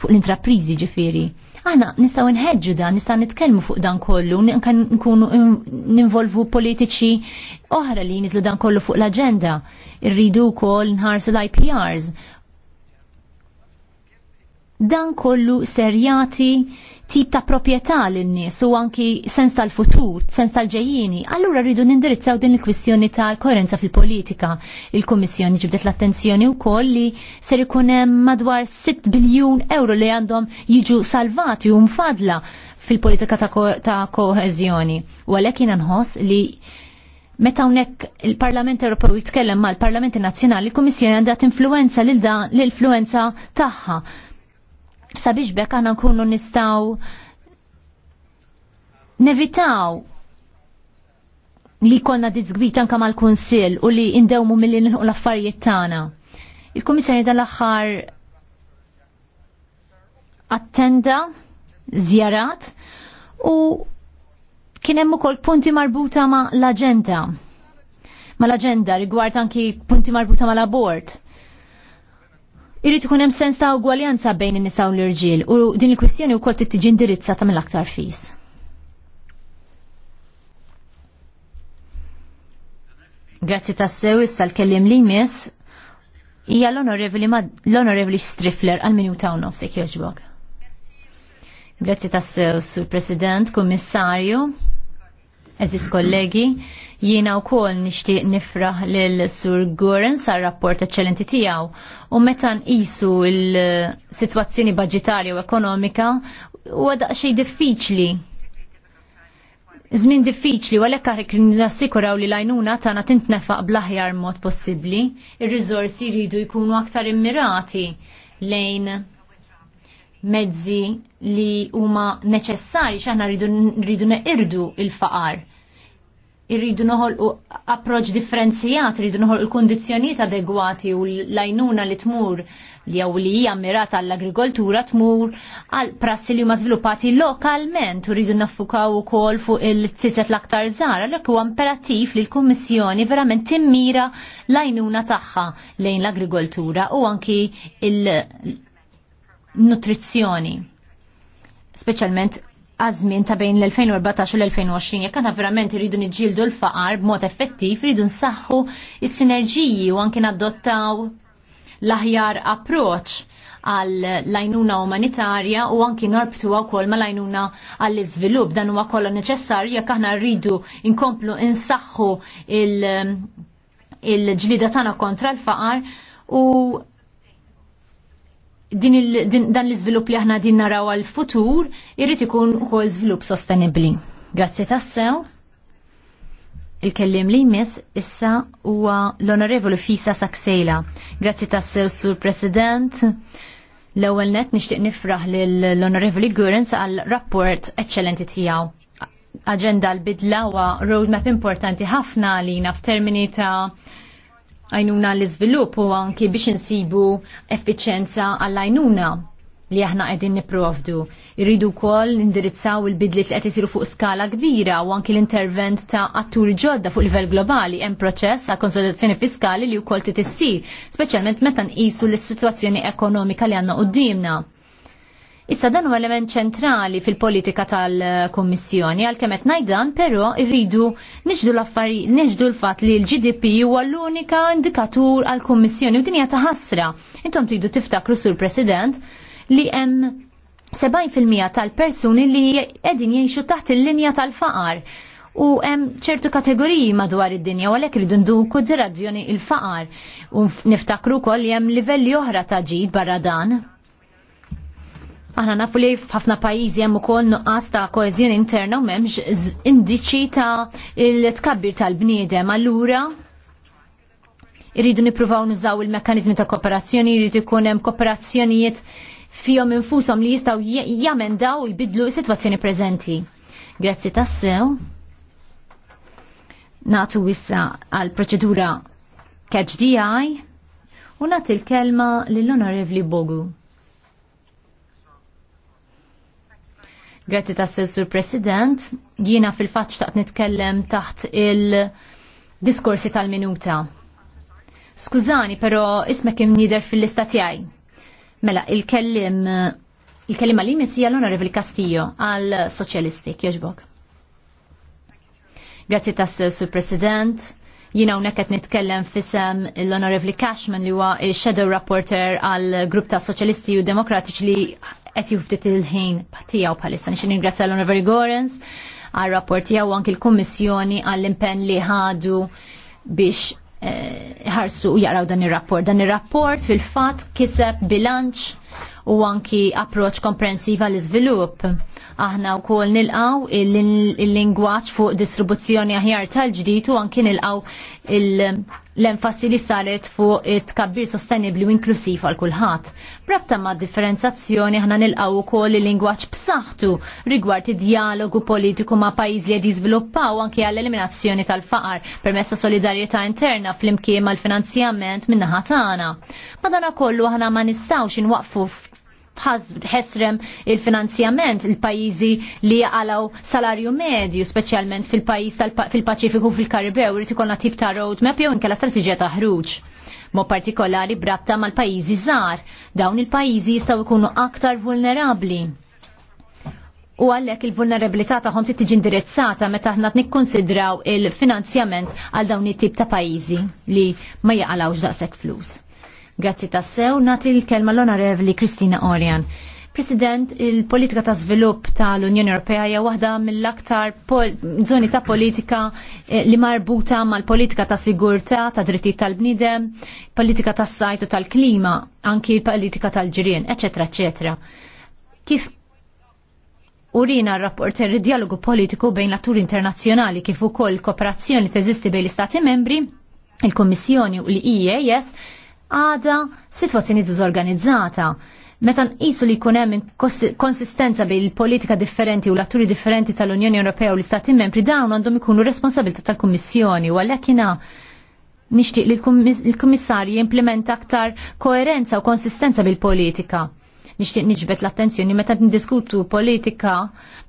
S4: fuq l-intraprizi ġifieri. Aħna nistgħu nħeġġu dan, nistgħu nitkellmu fuq dan kollu, nkunu ninvolvu politiċi oħra li nizlu dan kollu fuq l-aġenda. Irridu wkoll nħarsu l-IPRs dan kollu serjati tip ta' proprjetà lin-nies u anki sens tal-futur, sens tal-ġejjini. Allura rridu nindirizzaw din il-kwistjoni tal-koerenza fil-politika. Il-Kummissjoni ġibdet l-attenzjoni wkoll li ser ikun hemm madwar 6 biljun euro li għandhom jiġu salvati u mfadla fil-politika ta', ko U għalhekk jiena nħoss li Meta unek il-Parlament Ewropew jitkellem mal-Parlamenti Nazzjonali, il-Kummissjoni għandha tinfluenza lil dan l-influenza tagħha sabiex bekk aħna nkunu nistgħu nevitaw li konna dizgbit anka mal-Kunsill u li indewmu mill nħu l-affarijiet tagħna. Il-Kummissarju tal-aħħar attenda żjarat u kien hemm ukoll punti marbuta ma' l-aġenda. Ma' l-aġenda rigward anki punti marbuta ma' l-abort. Irrit ikun hemm sens ta' ugwaljanza bejn in-nisa u l-irġiel u din il-kwistjoni wkoll trid tiġi indirizzata mill-aktar fis. Grazzi tas-sew issa l-kellim li jmiss hija l-Onorevoli Strifler għal minju ta' nofsek jogħġbok. Grazzi tas-sew, Sur President, Kummissarju eżis kollegi, jiena wkoll nixtieq nifraħ lil Sur Guren sa' rapport eċċellenti tiegħu u meta nqisu l-sitwazzjoni budġetarja u ekonomika huwa daqsxejn diffiċli. Żmien diffiċli u għalhekk aħna nassikuraw li l-għajnuna tagħna tintnefaq bl-aħjar mod possibbli, il rizorsi jridu jkunu aktar immirati lejn mezzi li huma neċessari x'aħna rridu irdu il-faqar irridu noħolqu approċ differenzjat, irridu u kondizjoniet adegwati u l-lajnuna li tmur li jew li hija mirata għall-agrikoltura tmur għal prassi li huma żviluppati lokalment u rridu naffukaw ukoll fuq il-tiset l-aktar żgħar għalhekk huwa imperattiv li l-Kummissjoni verament timmira l taħħa tagħha lejn l-agrikoltura u anki il-nutrizzjoni. Speċjalment għazmin ta' bejn l-2014 u l-2020, jekk aħna verament rridu nġildu l-faqar b'mod effettiv, rridu nsaħħu is-sinerġiji u anke nadottaw l-aħjar approċ għal lajnuna umanitarja u għanki norbtu wkoll ma lajnuna għall iżvilupp dan huwa kollu neċessarju jekk aħna rridu inkomplu nsaħħu il-ġlida tagħna kontra l-faqar u din il, din, dan l-iżvilupp li aħna din naraw għal futur irrid ikun ukoll iżvilupp sostenibbli. Grazzi tassew. Il-kellim li jmiss issa huwa l-Onorevoli Fisa Saksejla. Grazzi tassew sur President. L-ewwel net nixtieq nifraħ lill-Onorevoli Gurens għal rapport eċċellenti tiegħu. Aġenda l-bidla huwa roadmap importanti ħafna għalina f'termini ta' għajnuna l-izvilup u anki biex insibu effiċenza għall-għajnuna li aħna qegħdin nipprovdu. Irridu wkoll nindirizzaw il bidli li qed isiru fuq skala kbira u anki l-intervent ta' atturi ġodda fuq livell globali hemm proċess ta' konsolidazzjoni fiskali li wkoll titissir, speċjalment meta nqisu l-sitwazzjoni ekonomika li għandna quddiemna. Issa dan huwa element ċentrali fil-politika tal-Kummissjoni għalkemm qed najdan, però rridu niġdu l-affarijiet niġdu l-fatt li l-GDP huwa l-unika indikatur għall-Kummissjoni u din hija ta' ħasra. Intom tridu tiftakru sur President li hemm 70% tal-persuni li edin jiexu taħt il-linja tal-faqar u hemm ċertu kategoriji madwar id-dinja u għalhekk ridu nduku radjoni il-faqar u niftakru wkoll li hemm livelli oħra ta' ġid barra dan Aħna nafu li f'ħafna pajjiżi hemm ukoll nuqqas ta' koeżjoni interna u m'hemmx indiċi ta' il-tkabbir tal-bniedem. Allura irridu nippruvaw nużaw il-mekkaniżmi ta' kooperazzjoni, jrid ikun hemm kooperazzjonijiet fihom infushom li jistgħu jamendaw u jbidlu s-sitwazzjoni preżenti. Grazzi tassew. Natu wissa għal proċedura KHDI u nagħti l-kelma lill-Onorevli Bogu. Grazzi ta' Sur President. Jiena fil-fatt ta' nitkellem taħt il-diskorsi tal-minuta. Skużani, pero ismek kim nider fil-lista tiegħi. Mela, il-kellim il-kellim għal misija l-Onorevoli Castillo għal Soċjalisti, kieġbok. Grazzi tas Sur President jina unek qed nitkellem fisem l-Honorevli Cashman li huwa shadow rapporter għal grupp ta' Soċjalisti u Demokratiċi li qed juftit il-ħin tiegħu bħalissa. Nixin ningrazzja l-Onorevoli Gorens għal rapport tiegħu anke l-Kummissjoni għall-impenn li ħadu biex eh, ħarsu u jaraw dan ir-rapport. Dan ir-rapport fil-fatt kiseb bilanċ u anki approċ komprensiva l-iżvilupp Aħna u kol nilqaw il-lingwaċ fuq distribuzzjoni aħjar tal u anki nilqaw l-enfassi li saret fuq it-kabbir sostenibli u inklusiv għal kulħadd. Brabta ma' differenzazzjoni aħna nilqaw kol il-lingwaċ b'saħħtu rigward id-dialogu politiku ma' pajiz li qed jiżviluppaw anke għall eliminazzjoni tal-faqar permezz ta' solidarjetà interna fl-imkien mal-finanzjament min-naħa tagħna. Madana kollu aħna ma nistgħux inwaqfu ħesrem il-finanzjament il-pajizi li għalaw salarju medju, specialment fil-pajiz fil-Paċifiku fil-Karibew, rrit ikonna tip ta' roadmap jew inkella strategija ta' ħruġ mo partikolari brabta mal-pajizi żgħar. Dawn il-pajizi jistgħu jkunu aktar vulnerabbli. U għallek il-vulnerabilità tagħhom trid tiġi indirizzata meta aħna nikkonsidraw il-finanzjament għal dawn it-tip ta' pajjiżi li ma jaqalawx daqshekk flus. Grazzi tassew, nati l-kelma l li Kristina Orjan. President, il-politika ta' svilupp tal-Unjoni Ewropea hija waħda mill-aktar żoni ta' politika eh, li marbuta mal-politika ta' sigurtà, ta' drittijiet tal-bniedem, politika ta' sajtu tal-klima, anki l-politika tal-ġirien, eċetera, eċetera. Kif urina r rapport dialogu politiku bejn l-atturi internazzjonali kif ukoll kooperazzjoni teżisti bejn l-Istati membri, il-Kommissjoni u l-IES, għada situazzjoni diżorganizzata. Meta nqisu li jkun hemm konsistenza bil politika differenti u l-atturi differenti tal-Unjoni Ewropea u l-Istati membri dawn għandhom ikunu responsabilità tal-Kummissjoni u għalhekk nixtieq li l-Kummissarju jimplementa aktar koerenza u konsistenza bil-politika nixtieq niġbet l-attenzjoni meta ndiskutu politika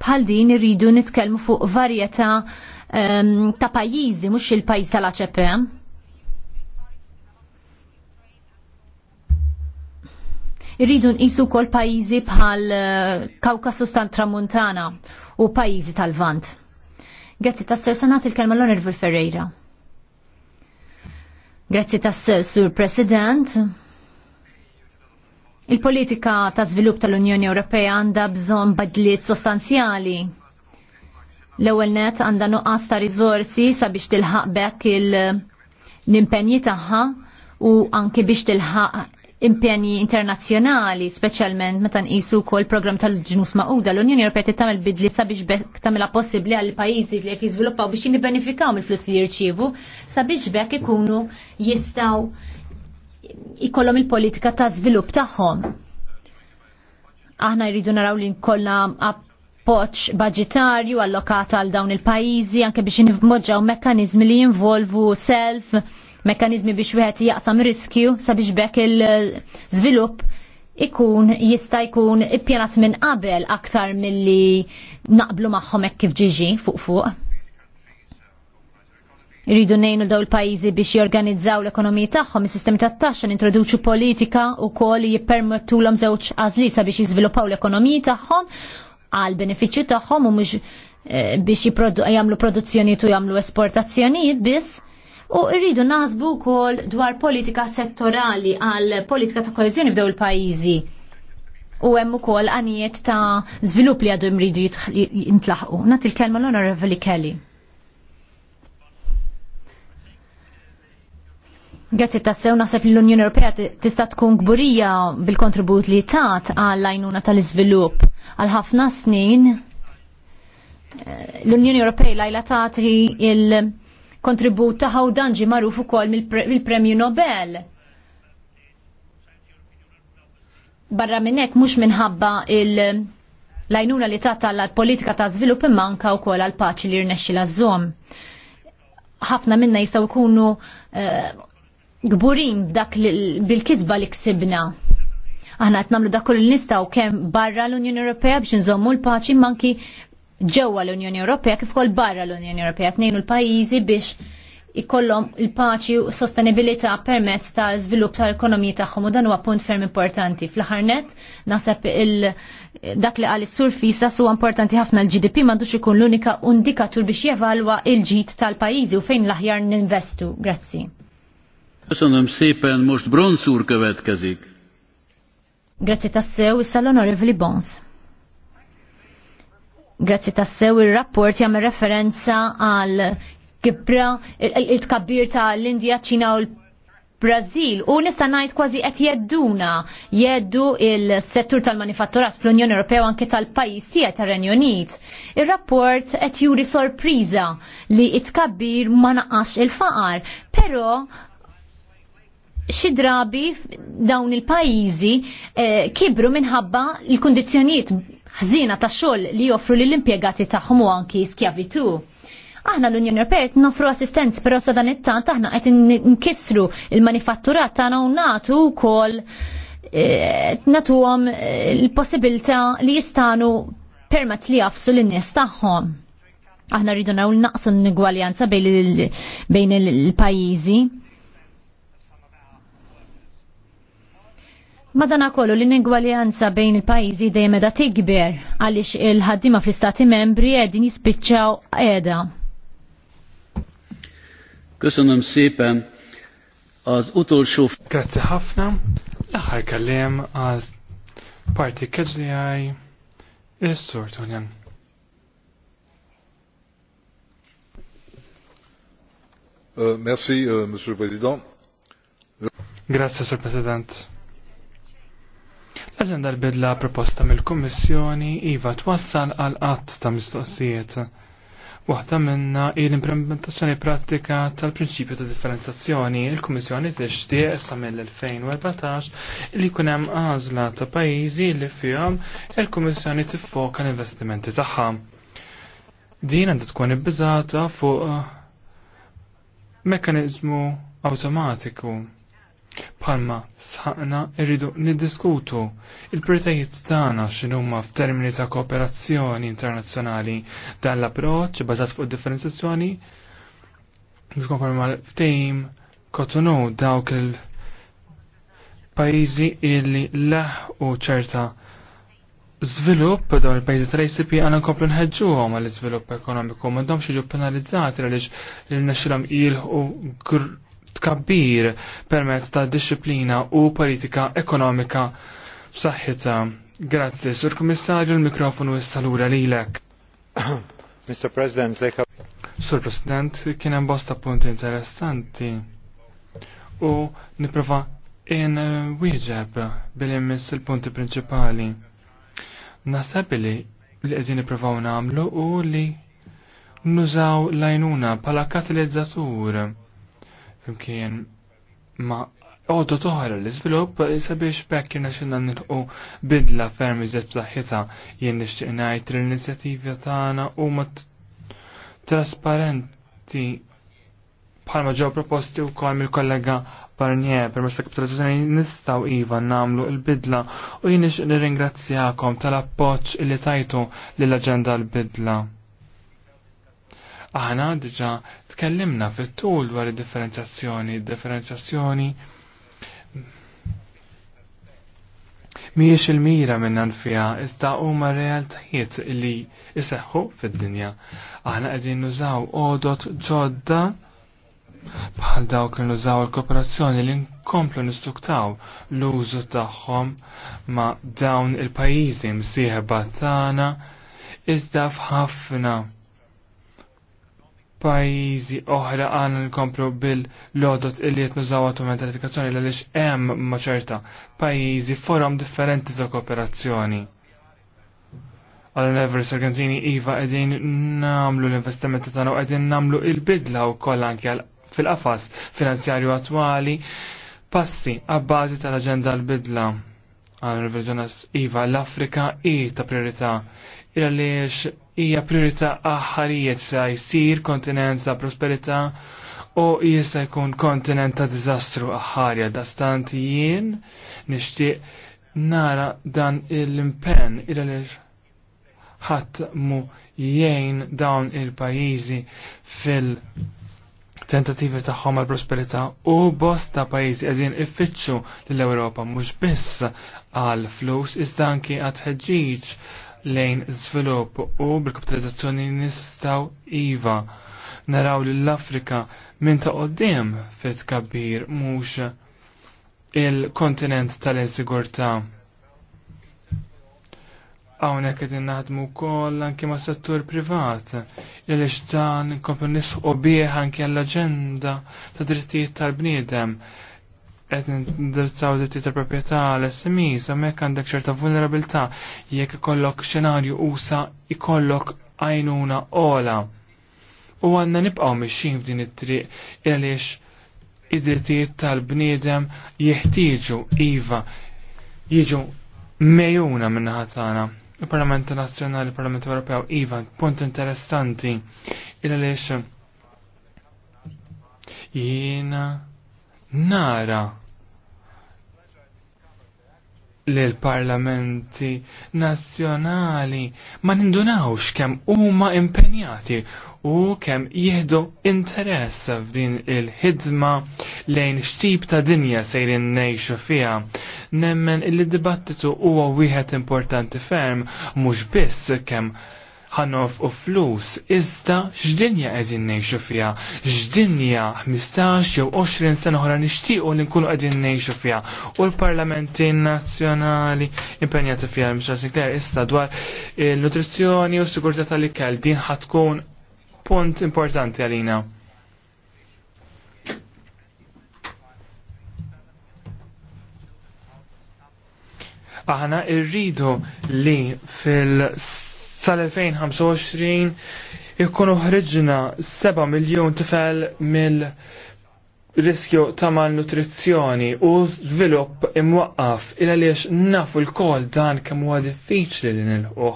S4: bħal din irridu nitkellmu fuq varjetà ehm, ta' pajjiżi mhux il-pajjiż tal-ACP. Irridu nqisu wkoll pajjiżi bħal eh, Kawkasus tal tramuntana u pajjiżi tal-Vant. Grazzi tas-sew sanat il-kelma l-Onorevol Ferreira. Grazzi tas Sur President. Il-politika ta' żvilupp tal-Unjoni Ewropea għandha bżonn badliet sostanzjali l-ewwel net għandha nuqqas ta' riżorsi sabiex tilħaq bekk il-nimpenji tagħha u anke biex tilħaq impjani internazzjonali, speċjalment meta nqisu wkoll program tal-ġnus maquda l-Unjoni Ewropea qed tagħmel bidli sabiex bekk tagħmilha possibbli għal pajjiżi li qed jiżviluppaw biex jinibbenefikaw mill-flus li jirċievu sabiex bekk ikunu jistgħu ikollhom il-politika ta' żvilupp tagħhom. Aħna jridu naraw li nkollha poċ budgetarju allokata għal dawn il pajjiżi anke biex jinmoġġaw mekkaniżmi li jinvolvu self mekkanizmi biex wieħed jaqsam riskju sabiex bekk il-żvilupp ikun jista' jkun ippjanat minn qabel aktar milli naqblu magħhom hekk kif ġiġi fuq fuq. Iridu nejnu daw il-pajizi biex jorganizzaw l-ekonomija tagħhom, is-sistemi tat-taxxa nintroduċu politika wkoll jippermettu l żewġ għażlisa biex jiżviluppaw l-ekonomija tagħhom għal benefiċċju tagħhom u mhux eh, biex jagħmlu produzzjonijiet u jagħmlu esportazzjonijiet biss U rridu naħsbu wkoll dwar politika settorali għal politika ta' koezjoni f'daw il-pajjiżi u hemm ukoll għanijiet ta' żvilupp li għadu mridu jintlaħqu. Nagħti l-kelma l-Onorevoli Kelly. Grazzi ta' sew naħseb li l-Unjoni Ewropea tista' tkun gburija bil-kontribut li tat għall-għajnuna tal-iżvilupp għal ħafna snin eh, l-Unjoni Ewropea lajla tagħti il- kontribut taħaw danġi magħruf ukoll mill-Premju Nobel. Barra minn hekk mhux minħabba il- lajnuna li tata l-politika ta' zvilup manka u kol għal-paċi li rnexxi l-azzom. ħafna minna jistaw jkunu eh, gburin dak bil-kisba li ksibna. Aħna qed nagħmlu dak kull nistgħu kemm barra l-Unjoni Ewropea biex nżommu l-paċi manki ġewwa l-Unjoni Ewropea kif ukoll barra l-Unjoni Ewropea tnejnu l-pajjiżi biex ikollhom il-paċi u sostenibilità permezz ta' żvilupp tal-ekonomija tagħhom u dan huwa punt ferm importanti. Fl-aħħar net naħseb il dak li qal is-sur fisa huwa importanti ħafna l-GDP m'għandux ikun l-unika indikatur biex jevalwa il-ġid tal-pajjiżi u fejn l-aħjar ninvestu. Grazzi.
S3: Köszönöm szépen, most bronzúr következik.
S4: Grazzi tassew, issa l-onorevoli Bons. Grazzi tassew il-rapport jagħmel referenza għal kibra il-tkabbir ta' l-Indja, ċina u l Brazil u nista' ngħid kważi qed jedduna jeddu il-settur tal-manifatturat fl-Unjoni Ewropea anke tal-pajjiż tiegħek tar-Renju Unit. Ir-rapport qed juri sorpriża li it-tkabbir ma naqax il-faqar, però xi drabi dawn il-pajjiżi eh, kibru minħabba l-kundizzjonijiet ħżina ta' xogħol li joffru lill impjegati tagħhom u anki skjavitu. Aħna l-Unjoni Europea nofru assistenz, però sa dan it-tant aħna qed nkissru il-manifatturat tagħna u nagħtu wkoll eh, nagħtuhom il eh, possibilità li jistanu permezz li jafsu lin-nies tagħhom. Aħna rridu naqsu n-nigwaljanza bejn il-pajjiżi. Madana kollu l ingwaljanza bejn il-pajizi dejjem edha tikber għaliex il-ħaddima fl-istati membri qegħdin jispiċċaw qiegħda.
S3: sipen
S5: għaz utul xuf. Grazzi ħafna. L-aħħar kellem għal parti għaj il sur Tonjan.
S2: Euh, merci, euh, Monsieur le Président.
S5: Grazie, Sir President Għadden dal-bidla proposta mill-Kommissjoni iva twassal għal qatt ta' mistoqsijiet. Waħda minna il-implementazzjoni pratika tal-prinċipju ta' differenzazzjoni, il-Kummissjoni tixtieq sa mill-2014 li jkun hemm għażla ta' pajjiżi li fihom il-Kummissjoni tiffoka l-investimenti tagħha. Din għandha tkun ibbiżata fuq uh, mekkaniżmu awtomatiku Palma sħaqna irridu niddiskutu il-pretajiet tagħna x'inhuma f'termini ta' kooperazzjoni internazzjonali dan l-approċċ bażat fuq differenzjazzjoni Biex konformi mal-ftehim kotunu dawk il-pajjiżi illi laħqu ċerta Zvilupp dawn il-pajjiżi tal ICP għandna nkomplu nħeġġuhom għall iżvilupp ekonomiku m'għandhomx jiġu penalizzati għaliex li nexxilhom jilħu tkabbir permezz ta' disciplina u politika ekonomika b'saħħitha. Grazzi, Sur Kummissarju, l-mikrofonu s-salura lilek. (coughs)
S1: Mr. President, they have...
S5: Sur President, kien hemm bosta punti interessanti. U nipprova in eh, wieġeb billi miss il-punti prinċipali. Naseb li li qegħdin nippruvaw nagħmlu u li nużaw lajnuna bħala katalizzatur imkien ma' Għoddu toħra l izvilup sabiex bekk naxinna nilqu bidla ferm iżet b'saħħitha jien nixtieq ngħid l-inizjattivi tagħna huma trasparenti bħalma ġew proposti wkoll mill-kollega Barnier per mersa kapitalizzazzjoni nistgħu iva nagħmlu l-bidla u jien nixtieq nirringrazzjakom tal-appoġġ li tajtu lill-aġenda l-bidla. Aħna diġa tkellimna fit-tul dwar id-differenzjazzjoni, differenzjazzjoni miex il-mira minnan fija, iżda huma realtajiet li iseħħu fil dinja Aħna qegħdin nużaw għodot ġodda bħal dawk li nużaw il-kooperazzjoni li nkomplu nistuktaw l-użu tagħhom ma' dawn il-pajjiżi msieħba tagħna iżda f'ħafna pajizi oħra għan nkomplu bil-lodot illi jitnużaw għatument l-edukazzjoni l lix hemm maċerta pajizi forum differenti za kooperazzjoni. Għal-Univers Argentini Iva għedin namlu l-investimenti tana u għedin namlu il-bidla u koll anke fil-qafas finanzjarju attwali passi għabbażi tal-aġenda l-bidla għal-Univers Iva l-Afrika i ta' priorita il għaliex hija priorità aħħarijiet sa jsir kontinent ta' prosperità u jista' jkun kontinent ta' diżastru aħħarja dastant jien nixtieq nara dan l-impenn il għaliex ħatt mu jgħin dawn il-pajjiżi fil- tentativi tagħhom għal prosperità u bosta pajjiżi qegħdin iffittxu lill-Ewropa mhux biss għal flus iżda anke għat ħeġġiġ lejn żvilupp u bil-kapitalizzazzjoni nistgħu iva naraw li l-Afrika minn ta' qoddim fit kabir mhux il-kontinent tal-insigurtà. Hawnhekk qed naħdmu wkoll anke ma' settur privat li dan nkomplu nisqu bih anke l-aġenda ta' drittijiet tal-bniedem qed nindirizzaw ditti ta' proprjetà l smi samek għandek ċerta vulnerabilità jekk ikollok xenarju usa ikollok għajnuna ola. U għanna nibqgħu mixin f'din it-triq għaliex id-drittijiet tal-bniedem jeħtieġu iva jiġu mejuna minnaħat tagħna. Il-Parlament Nazzjonali, il-Parlament Ewropew, iva, punt interessanti, il-għaliex jiena nara l-parlamenti nazzjonali ma nindunawx kemm huma impenjati u kemm jieħdu interess f'din il-ħidma lejn xtib ta' dinja sejrin nejxu fiha. Nemmen il-dibattitu huwa wieħed importanti ferm mhux biss kemm ħanof u flus, iżda x'dinja qegħdin ngħixu fiha, x'dinja 15 jew 20 sena oħra nixtiequ li nkunu qegħdin ngħixu fiha. U l-parlamenti nazzjonali impenjati fiha l Sinclair issa dwar il-nutrizzjoni u s-sigurtà tal-ikel din ħatkun punt importanti għalina. aħna irridu li fil sal-2025 ikkunu ħriġna 7 miljon tifel mill riskju ta' malnutrizzjoni u żvilupp imwaqqaf il għaliex nafu l-kol dan kemm huwa diffiċli li nilħu.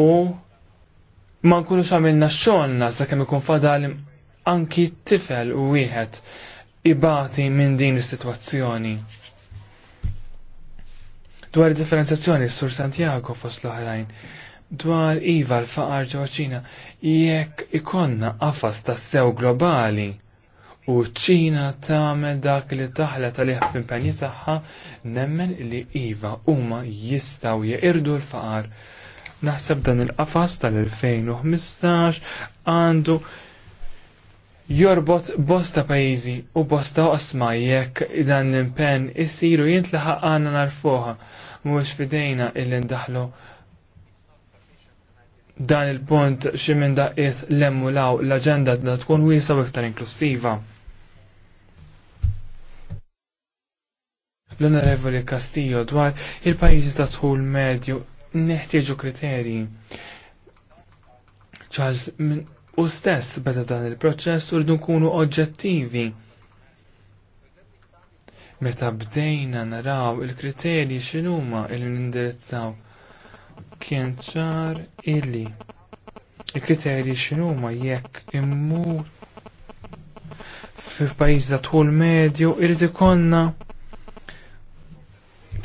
S5: U ma nkunux għamilna xogħolna kemm ikun fadal anki tifel u wieħed ibati minn din is-sitwazzjoni. Dwar id-differenzjazzjoni, s-Sur Santiago fost l-oħrajn, dwar iva l-faqar ġoċina jekk ikonna qafas tas sew globali u ċina tagħmel dak li taħla tal-iħ f'impenji tagħha nemmen li iva huma jistgħu jeqirdu l-faqar. Naħseb dan il-qafas tal-2015 għandu jorbot bosta pajjiżi u bosta osma jekk dan l-impenn isiru jintlaħaq għandna narfuha mhuwiex fidejna illi ndaħlu dan il-punt xi minn daqqiet lemmu law l-aġenda da tkun wiesa u iktar inklusiva. L-Onorevoli Castillo dwar il-pajjiżi ta' tħul medju neħtieġu kriterji. Charles minn u stess beda dan il-proċess u rridu nkunu oġġettivi. Meta bdejna naraw il-kriterji x'inhuma il-indirizzaw. il kriterji x'inhuma il indirizzaw il kien ċar illi il-kriterji x'inhuma jekk immur f'pajjiż da tħul medju irid ikollna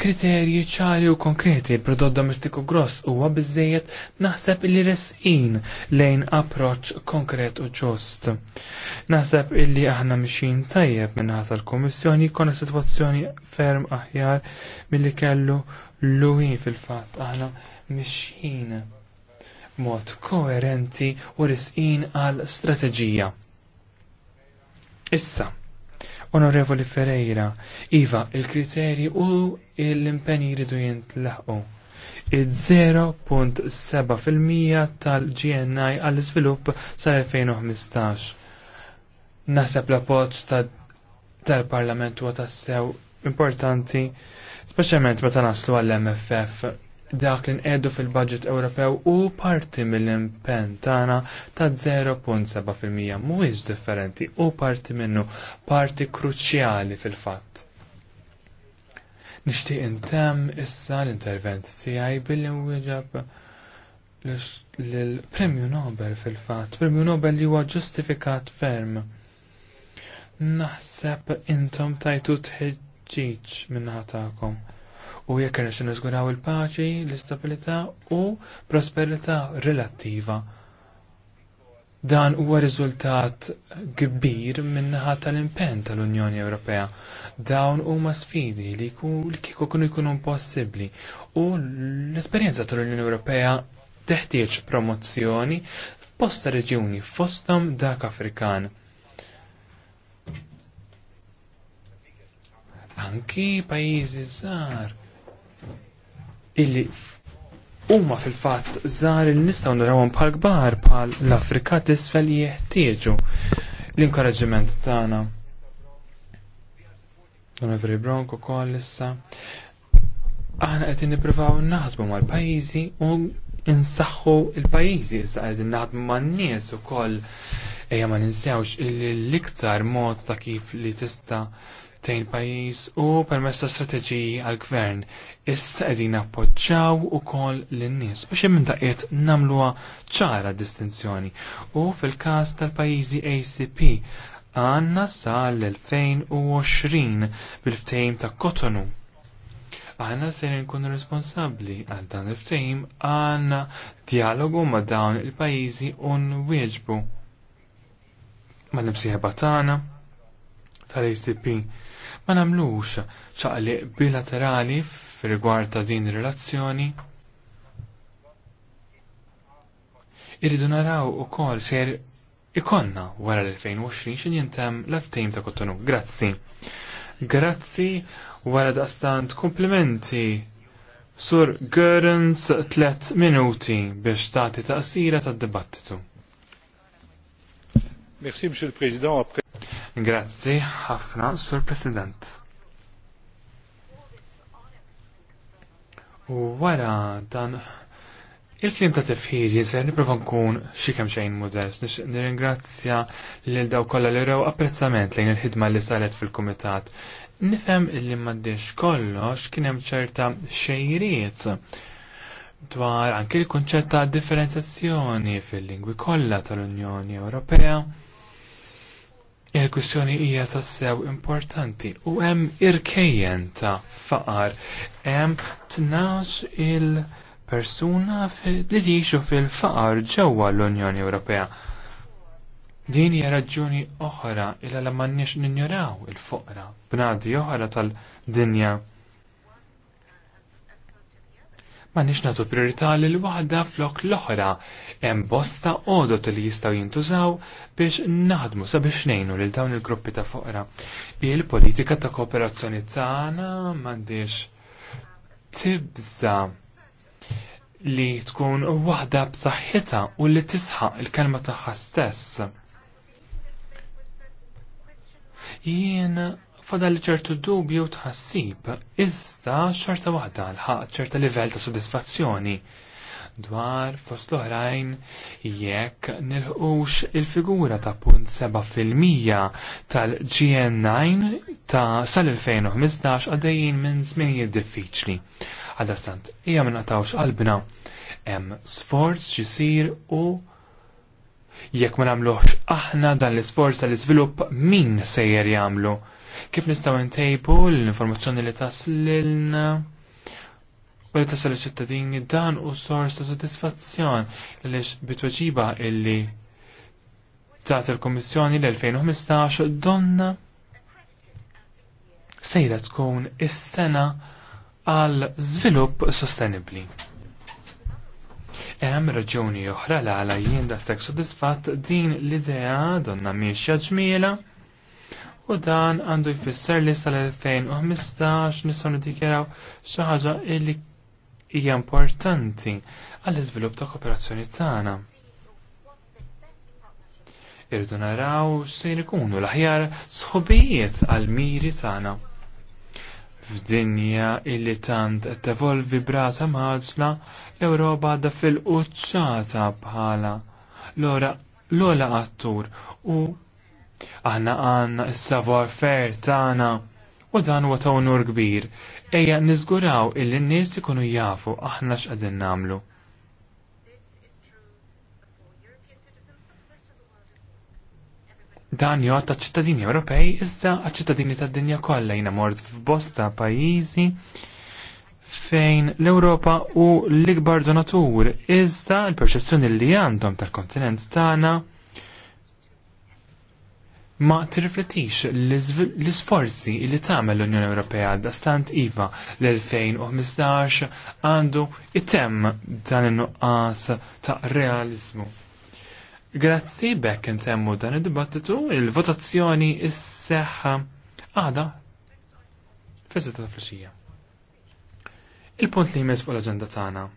S5: kriterji ċari u konkreti l prodott domestiku gross huwa biżżejjed naħseb illi resqin lejn approċċ konkret u ġust. Naħseb illi aħna mixin tajjeb minn ħata l-Kummissjoni jkollna sitwazzjoni ferm aħjar milli kellu luwin fil-fatt aħna mixin mod koerenti u risqin għal strateġija. Issa, Onorevoli Ferreira, Iva, il-kriteri u l-impenji jridu jintlaħqu. Id-0.7% tal-GNI għall-iżvilupp sal-2015. Naseb l-appoġġ tal-Parlament huwa tassew importanti Speċjalment meta naslu għall-MFF dak li nqedu fil-budget Ewropew u parti mill-impenn tagħna ta' 0.7% mhuwiex differenti u parti minnu parti kruċjali fil-fatt. Nixtieq intemm issa l-intervent tiegħi billi wieġeb lill premju Nobel fil-fatt, Premju Nobel li huwa ġustifikat ferm. Naħseb intom tajtu tħiġ ġiġ minnaħa tagħkom. U jekk irnex niżguraw il-paċi, l-istabilità u prosperità relattiva. Dan huwa riżultat kbir minnaħa tal-impenn tal-Unjoni Ewropea. Dawn huma sfidi li kieku kienu jkunu impossibbli u l-esperjenza tal-Unjoni Ewropea teħtieġ promozzjoni f'posta reġjuni f'fosthom dak Afrikan anki pajjiżi żgħar illi huma fil-fatt żgħar il nistgħu narawhom bħal kbar pal l-Afrika t'isfel li l l-inkoraġġiment tagħna. Evri Bronco ukoll issa. Aħna qed nippruvaw naħdmu mal-pajjiżi u insaħħu il-pajizi, issa għedin naħdmu man nies ukoll koll, eja ma ninsewx l-iktar mod ta' kif li tista' tejn pajis u permess ta' strateġiji għal-gvern. Issa qegħdin appoġġjaw ukoll lin-nies biex hemm daqiet nagħmluha ċara distinzjoni. U fil-każ tal-pajjiżi ACP għandna sal-2020 bil-ftehim ta' Kotonu għanna ser nkun responsabli għal dan il-ftejm għanna dialogu ma' dawn il-pajizi un wieġbu. Ma' nibsieħba tagħna tal-ACP ma namlux ċaqli bilaterali f'rigward ta' din relazzjoni. Irridu naraw u kol ser ikonna wara l-2020 xin jintem l-ftejn ta' kottonu. Grazzi. Grazzi wara daqstant komplimenti Sur Görens tlet minuti biex tagħti taqsira tad-dibattitu.
S2: Merci, Monsieur le Président. Après...
S5: Grazzi ħafna, Sur President. U wara dan il flim ta' tifħir jizzer niprofa nkun xikem xejn modest, nirringrazzja lil daw kollha l rew apprezzament lejn il-ħidma li saret fil-kumitat. Nifhem li maddiex kollox kien hemm ċerta xejriet dwar anki l-kunċett differenzazzjoni differenzjazzjoni fil-lingwi kollha tal-Unjoni Ewropea. Il-kwistjoni hija tassew importanti u hemm irkejjen ta' faqar hemm tnax il-persuna li jgħixu fil-faqar ġewwa l-Unjoni Ewropea. Din hija raġuni oħra illa la m'għandniex ninjoraw il-foqra b'nadi oħra tal-dinja ma nix natu priorità li l-wahda flok l-oħra, hemm bosta għodot li jistaw jintużaw biex naħdmu sabiex nejnu lil dawn il-gruppi ta' foqra. Il-politika ta' kooperazzjoni tagħna m'għandix tibża li tkun waħda b'saħħitha u li tisħaq il-kelma tagħha stess. Jiena fadal ċertu dubju tħassib, iżda xorta waħda l-ħaq ċerta livell ta' soddisfazzjoni dwar fost l-oħrajn jekk nilħux il-figura ta' punt 7% tal-GN9 ta' sal-2015 għaddejjin minn żminijiet diffiċli. Għadastant, hija minn għatawx qalbna hemm sforz xisir u jekk ma nagħmluhx aħna dan l-isforz tal-iżvilupp min sejjer jagħmlu kif nistgħu ntejbu l-informazzjoni li taslilna u li tasal ċittadini dan u sors ta' sodisfazzjon li bitweġiba illi tat il komissjoni l-2015 donna sejra tkun is-sena għal żvilupp sostenibbli. Hemm raġuni oħra l għala jien da stek sodisfatt din l-idea donna mhix ġmiela u dan għandu jfisser li sal-2015 nistgħu niddikjaraw xi ħaġa li hija importanti għall-iżvilupp ta' kooperazzjoni tagħna. Irridu naraw xejn ikunu l-aħjar sħubijiet għall-miri tagħna. F'dinja illi tant qed tevolvi brata maġla l-Ewropa għadha fil-quċċata bħala l-ora l-ola attur u Aħna għanna s-savoir-faire tagħna u dan huwa ta' onur kbir. Ejja niżguraw illi n-nies ikunu jafu aħna x'qegħdin nagħmlu. Dan jgħat ta' ċittadini Ewropej iżda għat ċittadini tad-dinja kollha jina mort f'bosta pajjiżi fejn l-Ewropa u l-ikbar donatur iżda l-perċezzjoni li għandhom tal-kontinent tagħna ma tirriflettix l-isforzi li tagħmel l-Unjoni Ewropea da stant iva l-2015 għandu item dan in-nuqqas ta' realizmu. Grazzi bekk intemmu dan id-dibattitu il-votazzjoni is-seħħa għada fis ta' flasġija. Il-punt li jmiss fuq l-aġenda tagħna